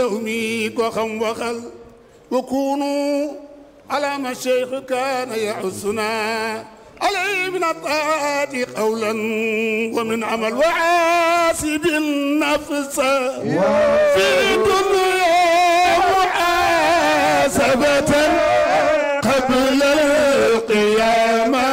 yow mi ko xam waxal wa kunu ala ma cheikh kaana yaxusuna alay min ataati qawlan wa min amal wa aasidi nafsa fi dunya muasabatan qabla alqiyama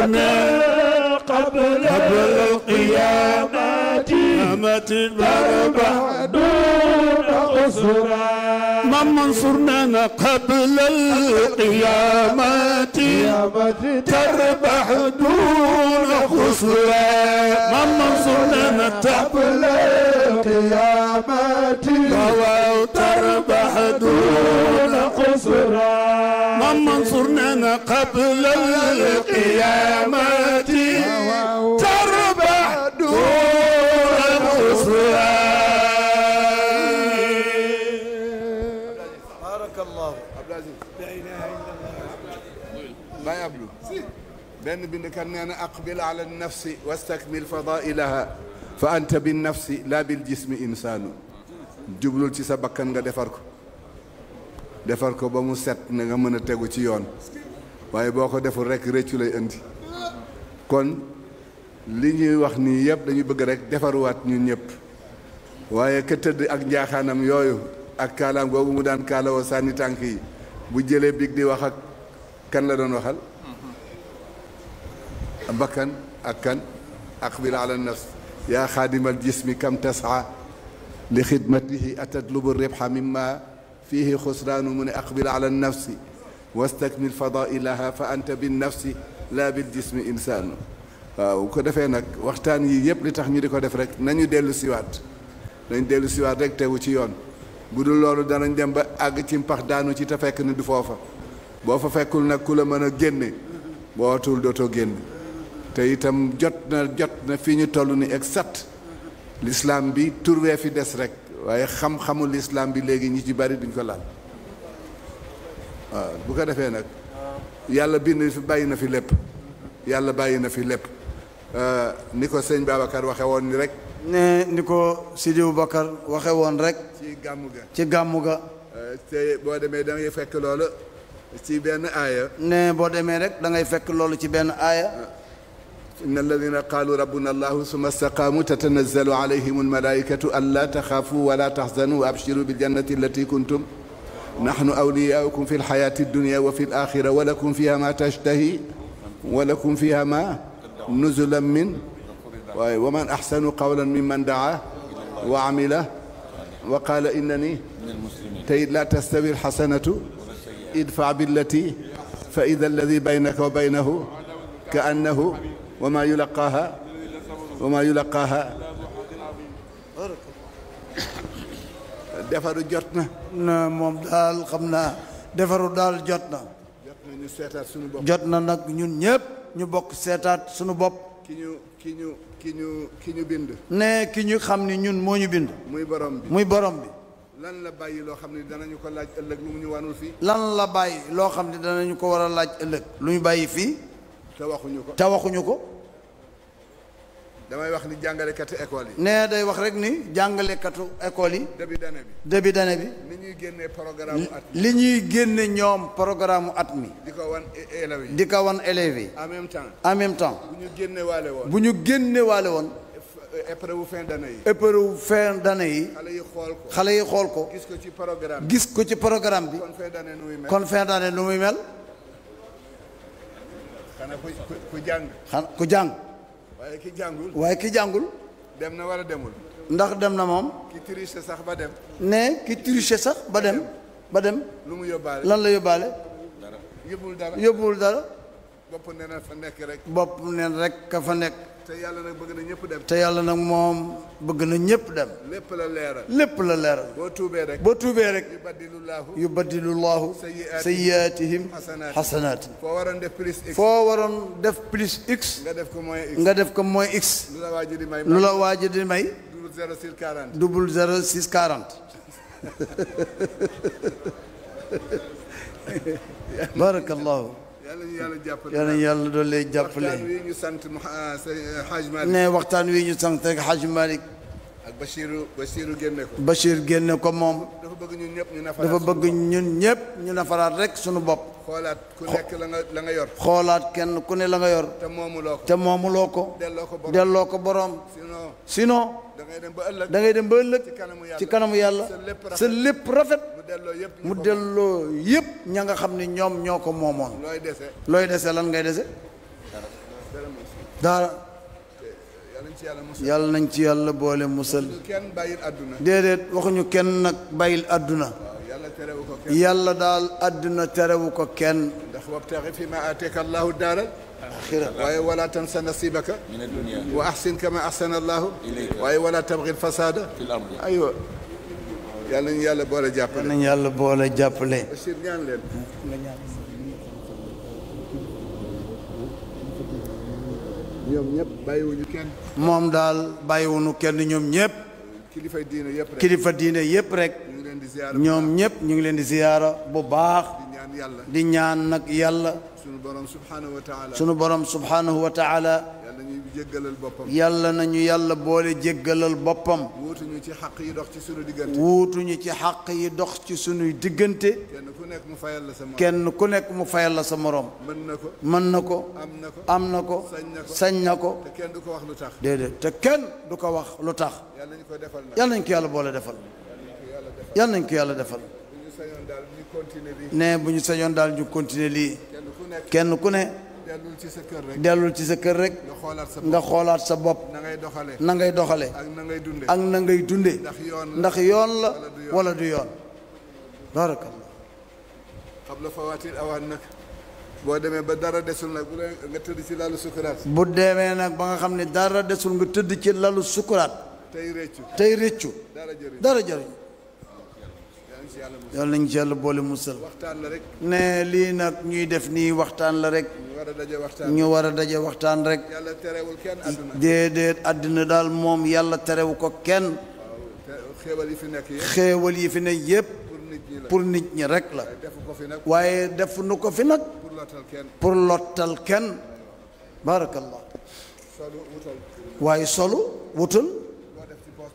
زرنا قبل القيامة بربع دون قصرا من منصرنا قبل القيامة تربح دون خسران من منصورنا قبل القيامة تربح دون خسران من منصورنا قبل القيامة تربح benn bindkat nee na aqbil ala nafsi wastakmil fadailaha fa anta bin nafsi la bil jismi insaanu jublul ci sa bakkan nga defar ko defar ko ba mu set na nga mën a tegu ci yoon waaye boo ko deful rek réccu lay indi kon li ñuy wax nii yëpp dañu bëgg rek defaruwaat ñun ñëpp waaye ka tëdd ak njaaxaanam yooyu ak kaalaam googu mu daan kaalawoo sànni tànk yi bu jëlee biig di wax ak kan la doon waxal bakkan ak kan aqbil ala nafs yaa xaadimal jismi kam tasaa li xidmatihi atatlubu ribha mimma fihi xusraanu mu ne aqbil ala nafsi wastakmil fadailaha fa anta bin nafsi laa bil jismi insaanu waaw ko defee nag waxtaan yi yëpp li tax ñu di ko def rek nañu dellu siwaat dellu siwaat rek tegu ci yoon bu dul loolu danañ dem ba àgg ci mpax daanu ci te fekk ni du foofa boo fa fekkul nag ku la mën a génne bootul dootoo génn te itam jot na jot na fi ñu toll ni sat lislaam bi turwee fi des rek waaye xam-xamu lislaam bi léegi ñi ci bari duñ ko laal bu ko defee nag yàlla bind fi bàyyi na fi lépp yàlla bàyyi na fi lépp euh, ni ko sëñ Babacar waxe woon ni rek ne ni ko Sidi Bakar waxe woon rek ci gàmmu ga ci gàmm ga euh, te boo demee da fekk loolu ci benn aaya ne boo demee rek da fekk loolu ci benn aaya euh, إن الذين قالوا ربنا الله ثم استقاموا تتنزل عليهم الملائكة ألا تخافوا ولا تحزنوا وأبشروا بالجنة التي كنتم نحن أولياؤكم في الحياة الدنيا وفي الآخرة ولكم فيها ما تشتهي ولكم فيها ما نزلا من ومن أحسن قولا ممن دعا وعمل وقال إنني تي لا تستوي الحسنة ادفع بالتي فإذا الذي بينك وبينه كأنه wa maa yulaqaaha wa maa yulaqaaha defaru jot na na moom daal xam naa defaru daal jot na jot na ñu seetaat na nag ñun ñëpp ñu bokk seetaat suñu bopp ki ñu ki ñu ki ñu ki ñu bind ne ki ñu xam ni ñun moo ñu bind muy borom bi muy borom bi lan la bàyyi loo xam ne danañu ko laaj ëllëg lu mu ñu wanul fii lan la bàyyi loo xam ne danañu ko war a laaj ëllëg lu ñu bàyyi fii te waxuñu ko te waxuñu ko. damay wax ni jàngalekatu école yi. nee day wax rek ni jàngalekatu école yi. début d'année bi début d'année bi. li ñuy génne programme at li ñuy génne ñoom programme at mi. di ko wan élèves yi. di wan élèves yi. en même temps en même temps. bu ñu génnewaale woon bu ñu génne waale woon. épreuve fin d'année yi. épreuve fin d'année yi. xale yi xool ko yi xool ko. gis ko ci programme gis ko ci programme bi. kon fin d'année nu kon fin d'année nu muy mel. maanaam ku jàng. xan ku jàng. waaye ki jàngul. waaye ki jàngul. dem na war a demul. ndax dem na moom. ki triche sax ba dem. ne ki triche sax ba dem. ba dem lu mu yóbbaale lan la yóbbaale. yóbbuwul dara yóbbuwul dara. bopp neen rek. bopp neen rek a fa nekk. te yàlla nag bëgg na ñëpp dem. te yàlla nag moom bëgg na ñëpp dem. lépp la leeral. lépp la leeral. boo tuubee rek. boo tuubee rek. yu baddilu laahu. sayyiaatihim xasanaat. foo waroon def plus x. nga def ko mooy x. nga def ko mooy x. lu la waaj di may. lu la waaj di may. double zero six quarante. double zero six barakallahu. yàlla yàlla doole jàppale. waxtaan ñu sant Xaaj ah, eh, Malick. ne waxtaan wii ñu sant rek Xaaj Malick. bashiru Bachirou Bachirou génne ko. Bachir génne ko moom. dafa bëgg ñun ñëpp ñu nafaraat dafa ñun ñëpp ñu nafaraat rek sunu bopp. xoolaat ku nekk la nga la nga yor. xoolaat kenn ku ne la nga yor. te moomuloo ko moomuloo ko. delloo ko borom delloo ko borom. sinon sinon. da dem ba ëllëg da ngay dem ba ëllëg. ci kanamu yàlla ci kanamu yàlla. sa lépp rafet mu delloo yëpp ña nga xam ne ñoom ñoo ko moomoon. looy dese looy dese lan ngay dese. daara. yàlla nañ ci yàlla boole musal. déedéet waxuñu kenn nag bàyyil àdduna yàlla daal àddina terewu ko kenn ndax wabtaxi fi ma aateka allahu daaral axira waaye wala tansa nasibaka waaye wala tabghi al aywa yàlla ñu yàlla boole jàppale yàlla boole jàppale Bachir kenn moom daal bàyyiwuñu kenn ñoom ñëpp kilifa diine yëpp kilifa diine yëpp rek ñoom ñëpp ñu ngi leen di ziyaara bu baax di ñaan nag yàlla sunu borom subhanahu wa taala sunu borom subhanahu wa taala yàlla ñu jéggalal boppam yàlla nañu yàlla boole jéggalal boppam wuutuñu ci xaq yi dox ci sunu diggante wuutuñu ci xaq yi dox ci sunuy diggante kenn ku nekk mu fayal la sa morom ku nekk mu fayal la sa morom mën na ko mën na ko am na ko am na sañ na ko te kenn du ko wax lu tax déedéet te kenn du ko wax lu tax yàlla nañu ko defal yàlla yàlla boole defal yàlla nañ ko yàlla defal ne bu ñu sañoon daal ñu continuer lii kenn ku ne dellul ci sa kër rek ci sa kër rek nga xoolaat sa bopp na ngay doxale ak na ngay dunde ndax yoon la wala du yoon barakallah qabla fawaatil awaan nag boo demee ba dara desul nag bu dee nga tëdd ci lalu bu demee nag ba nga xam ne dara desul nga tëdd ci lalu sukuraat tey rëccu tey rëccu dara jëriñ yàlla nañ ci yàlla boole musal ne lii nag ñuy def nii waxtaan la rek ñu war a daje waxtaan rek déedéet àddina daal moom yàlla terewu ko kenn xéewal yi fi ne yépp pour nit ñi rek la waaye def nu ko fi nag pour lottal kenn barakallah waaye solu wutal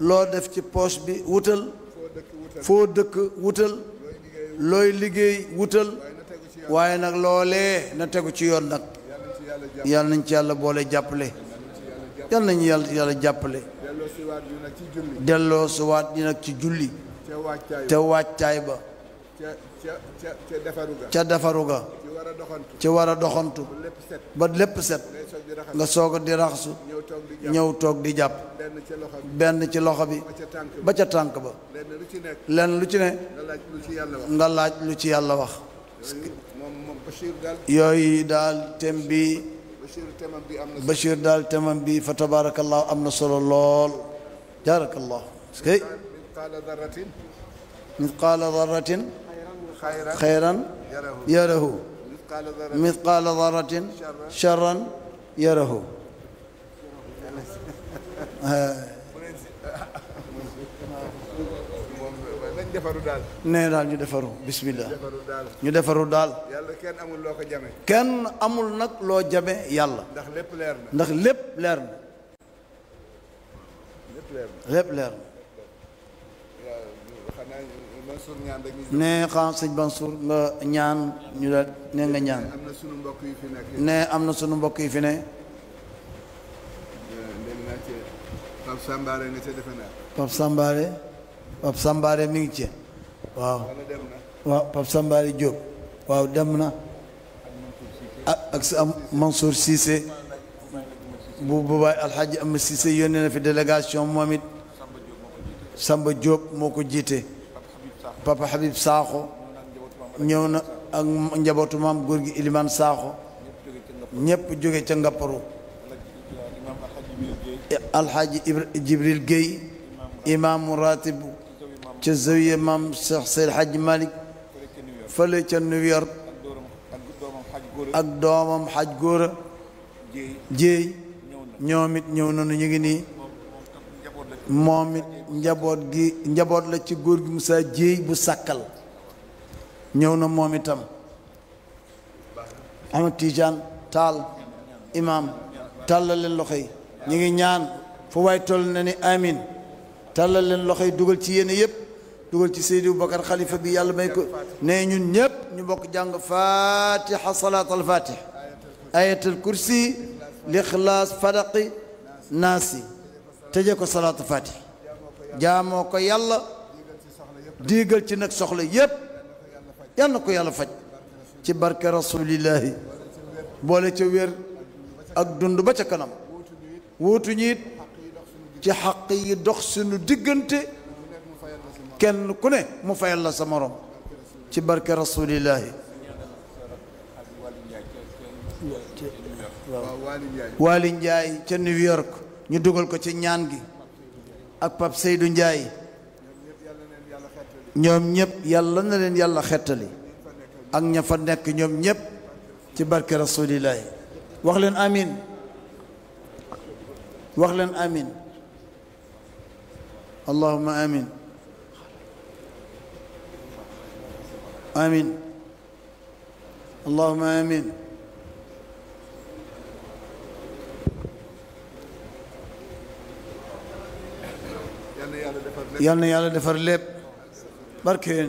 loo def ci poche bi wutal foo dëkk wutal looy liggéey wutal waaye nag loole na tegu ci yoon nag yàlla nañ ci yàlla boole jàppale yàlla nañu yàlla yàlla jàppale delloo waat yi nag ci julli te wàccaay ba ca defaru ga ci war a doxantu ba lépp set nga soog di raxasu ñëw toog di jàpp benn ci loxo bi ba ca tànk ba lenn lu ci ne nga laaj lu ci yàlla wax yooyu daal tem bi Bachir daal temam bi fa tabarakallahu am na solo lool jaarakallahu miskaala darratin خيرا يره مثقال ذرة شرا يره nee daal ñu defaru bismillah ñu defaru daal kenn amul loo ko jame kenn amul nag loo jame yàlla ndax lépp leer na ndax lépp leer na lépp leer na ne xaar sëñ Mansour nga ñaan ñu la ne nga ñaan ne am na sunu mbokk yi fi ne Pape Sambaare nga ca mi ngi ci waaw waaw Pape Sambaare Diop waaw dem na ak sa am Mansour Cissé bu bubaay alxaaji am Cissé yónnee na fi délégation moom it Samba Diop moo ko jiite papa Habib Sakho ñëw na njabootu maam góor gi Ilimane Sakho ñëpp jóge ca Ngapparu alxaaji Jibril Gueye imaamu ratib ca zawiya maam Cheikh Seydi Hadji Malick ca New York ak doomam xaj góora jéey ñoom it ñëw nañu ñu moom it njaboot gi njaboot la ci góor gi Moussa Jéey bu sàkkal ñëw na moom itam ama Tijaan Taal imaam tàllal leen loxo yi ñu ngi ñaan fu waay toll na ni amin tàllal leen loxo yi dugal ci yéen yëpp dugal ci Seydi Boubacar xalifa bi yàlla may ko ne ñun ñëpp ñu bokk jàng fatiha salaat al fatih ayatul kursi lixlaas fadaqi naasi tëje ko salaatu fati jaamoo ko yàlla diigal ci nag soxla yépp yal na ko yàlla faj ci barke rasulillahi boole ca wér ak dund ba ca kanam wuutuñu it ci xaq yi dox sunu diggante kenn ku ne mu fayal la sa morom ci barke rasulillahi waali ca New York ñu dugal ko ci ñaan gi ak Pape Seydou Ndiaye ñoom ñëpp yàlla na leen yàlla xettali ak ña fa nekk ñoom ñëpp ci barke rasulillahi wax leen amin wax leen amin allahumma amin amin allahumma amin yal na yàlla defar lépp barkeen